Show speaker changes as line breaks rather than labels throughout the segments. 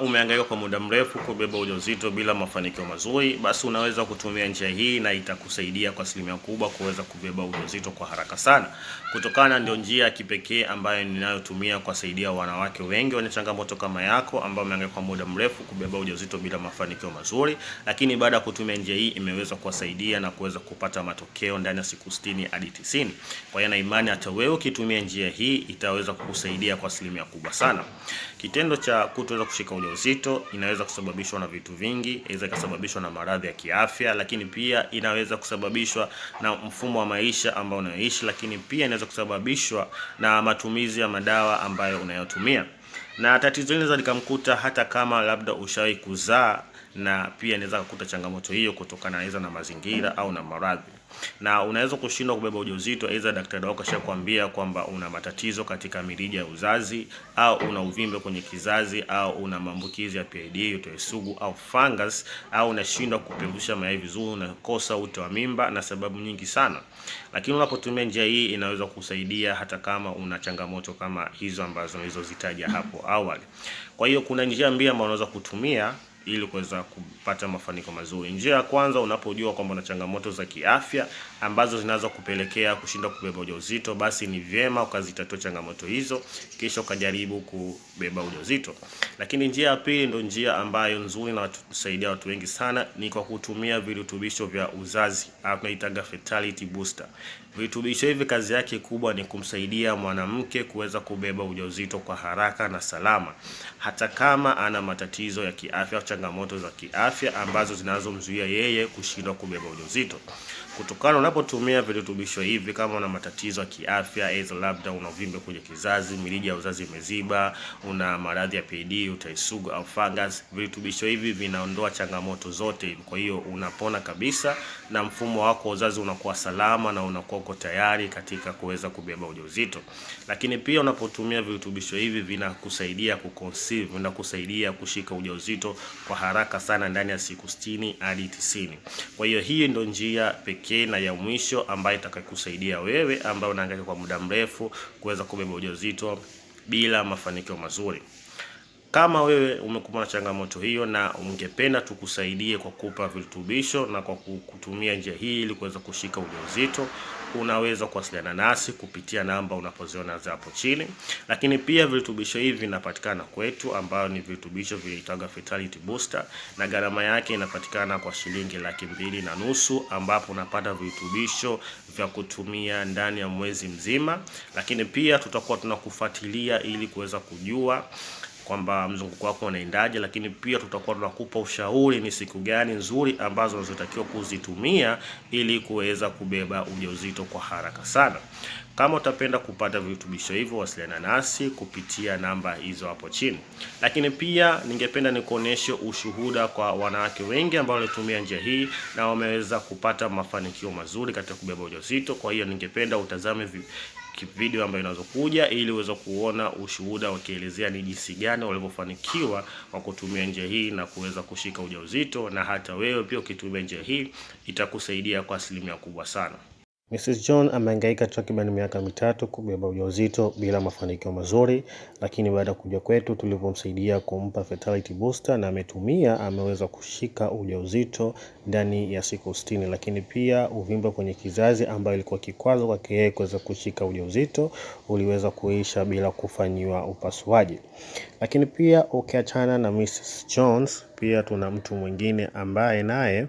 Umehangaika kwa muda mrefu kubeba ujauzito bila mafanikio mazuri, basi unaweza kutumia njia hii na itakusaidia kwa asilimia kubwa kuweza kubeba ujauzito kwa haraka sana, kutokana ndio njia ya kipekee ambayo ninayotumia kuwasaidia wanawake wengi wenye changamoto kama yako, ambao wamehangaika kwa muda mrefu kubeba ujauzito bila mafanikio mazuri. Lakini baada ya kutumia njia hii imeweza kuwasaidia na kuweza kupata matokeo ndani ya siku 60 hadi 90. Kwa hiyo na imani hata wewe ukitumia njia hii itaweza kukusaidia kwa asilimia kubwa sana. Kitendo cha kutoweza kushika kwa ujauzito inaweza kusababishwa na vitu vingi, inaweza ikasababishwa na maradhi ya kiafya, lakini pia inaweza kusababishwa na mfumo wa maisha ambao unayoishi, lakini pia inaweza kusababishwa na matumizi ya madawa ambayo unayotumia, na tatizo hili linaweza likamkuta hata kama labda ushawahi kuzaa na pia inaweza kukuta changamoto hiyo kutokana aidha na mazingira au na maradhi, na unaweza kushindwa kubeba ujauzito, aidha daktari wako ashakwambia kwamba una matatizo katika mirija ya uzazi au una uvimbe kwenye kizazi au una maambukizi ya PID, UTI sugu au fungus, au unashindwa kupevusha mayai vizuri, unakosa ute wa mimba na sababu nyingi sana. Lakini unapotumia njia hii inaweza kusaidia hata kama una changamoto kama hizo ambazo nilizozitaja hapo awali. Kwa hiyo kuna njia mbili ambazo unaweza kutumia ili kuweza kupata mafanikio mazuri. Njia ya kwanza, unapojua kwamba una changamoto za kiafya ambazo zinaweza kupelekea kushindwa kubeba ujauzito, basi ni vyema ukazitatua changamoto hizo, kisha ukajaribu kubeba ujauzito. Lakini njia ya pili ndio njia ambayo nzuri na kusaidia watu wengi sana, ni kwa kutumia virutubisho vya uzazi au tunaitaga fertility booster. Virutubisho hivi kazi yake kubwa ni kumsaidia mwanamke kuweza kubeba ujauzito kwa haraka na salama, hata kama ana matatizo ya kiafya changamoto za kiafya ambazo zinazomzuia yeye kushindwa kubeba ujauzito. Kutokana unapotumia virutubisho hivi, kama una matatizo ya kiafya, aidha labda una uvimbe kwenye kizazi, mirija ya uzazi imeziba, una maradhi ya PID, utai au fungus, virutubisho hivi vinaondoa changamoto zote Kwa hiyo unapona kabisa na mfumo wako wa uzazi unakuwa salama na unakuwa uko tayari katika kuweza kubeba ujauzito. Lakini pia unapotumia virutubisho hivi vinakusaidia kuconceive, vinakusaidia kushika ujauzito kwa haraka sana ndani ya siku 60 hadi 90. Kwa hiyo hii ndio njia pekee na ya mwisho ambayo itakayokusaidia wewe ambaye unahangaika kwa muda mrefu kuweza kubeba ujauzito bila mafanikio mazuri. Kama wewe umekumbana na changamoto hiyo na ungependa tukusaidie kwa kupa virutubisho na kwa kutumia njia hii ili kuweza kushika ujauzito, unaweza kuwasiliana nasi kupitia namba unapoziona za hapo chini. Lakini pia virutubisho hivi vinapatikana kwetu, ambayo ni virutubisho vinaitwa Fertility Booster, na gharama yake inapatikana kwa shilingi laki mbili na nusu, ambapo unapata virutubisho vya kutumia ndani ya mwezi mzima. Lakini pia tutakuwa tunakufuatilia ili kuweza kujua kwamba mzunguko wako unaendaje, lakini pia tutakuwa tunakupa ushauri ni siku gani nzuri ambazo unazotakiwa kuzitumia ili kuweza kubeba ujauzito kwa haraka sana. Kama utapenda kupata virutubisho hivyo, wasiliana nasi kupitia namba hizo hapo chini. Lakini pia ningependa nikuoneshe ushuhuda kwa wanawake wengi ambao walitumia njia hii na wameweza kupata mafanikio mazuri katika kubeba ujauzito. Kwa hiyo ningependa utazame video ambayo inazokuja ili uweze kuona ushuhuda wakielezea ni jinsi gani walivyofanikiwa kwa kutumia njia hii na kuweza kushika ujauzito, na hata wewe pia ukitumia njia hii itakusaidia kwa asilimia kubwa sana.
Mrs. John amehangaika takriban miaka mitatu kubeba ujauzito bila mafanikio mazuri, lakini baada ya kuja kwetu tulivyomsaidia kumpa fertility booster na ametumia, ameweza kushika ujauzito ndani ya siku 60, lakini pia uvimbe kwenye kizazi ambayo ilikuwa kikwazo kwake yeye kuweza kushika ujauzito uliweza kuisha bila kufanyiwa upasuaji. Lakini pia ukiachana na Mrs. Jones, pia tuna mtu mwingine ambaye naye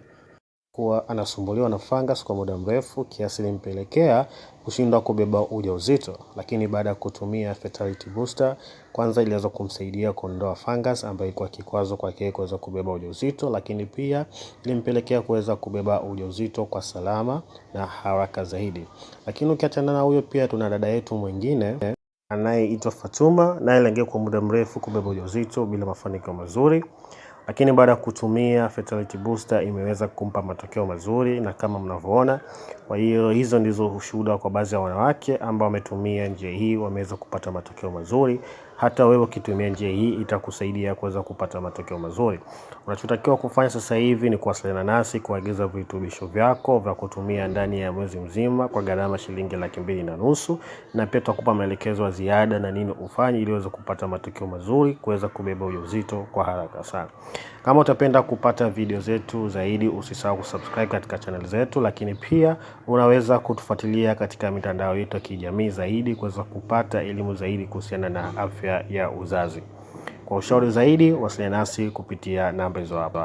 kuwa anasumbuliwa na fungus kwa muda mrefu kiasi limpelekea kushindwa kubeba ujauzito, lakini baada ya kutumia fertility booster kwanza iliweza kumsaidia kuondoa fungus ambayo ilikuwa kikwazo kwake kuweza kubeba ujauzito, lakini pia ilimpelekea kuweza kubeba ujauzito kwa salama na haraka zaidi. Lakini ukiachana na huyo, pia tuna dada yetu mwingine anayeitwa Fatuma, naye aliingia kwa muda mrefu kubeba ujauzito bila mafanikio mazuri. Lakini baada ya kutumia fertility booster imeweza kumpa matokeo mazuri na kama mnavyoona. Kwa hiyo hizo ndizo ushuhuda kwa baadhi ya wanawake ambao wametumia njia hii wameweza kupata matokeo mazuri hata wewe ukitumia njia hii itakusaidia kuweza kupata matokeo mazuri. Unachotakiwa kufanya sasa hivi ni kuwasiliana nasi kuagiza virutubisho vyako vya kutumia ndani ya mwezi mzima kwa gharama shilingi laki mbili na nusu, na pia tutakupa maelekezo ya ziada na nini ufanye ili uweze kupata matokeo mazuri, kuweza kubeba ujauzito kwa haraka sana. Kama utapenda kupata video zetu zaidi, usisahau kusubscribe katika channel zetu, lakini pia unaweza kutufuatilia katika mitandao yetu ya kijamii zaidi kuweza kupata elimu zaidi kuhusiana na afya afya ya uzazi. Kwa ushauri zaidi, wasiliana nasi kupitia namba hizo hapa.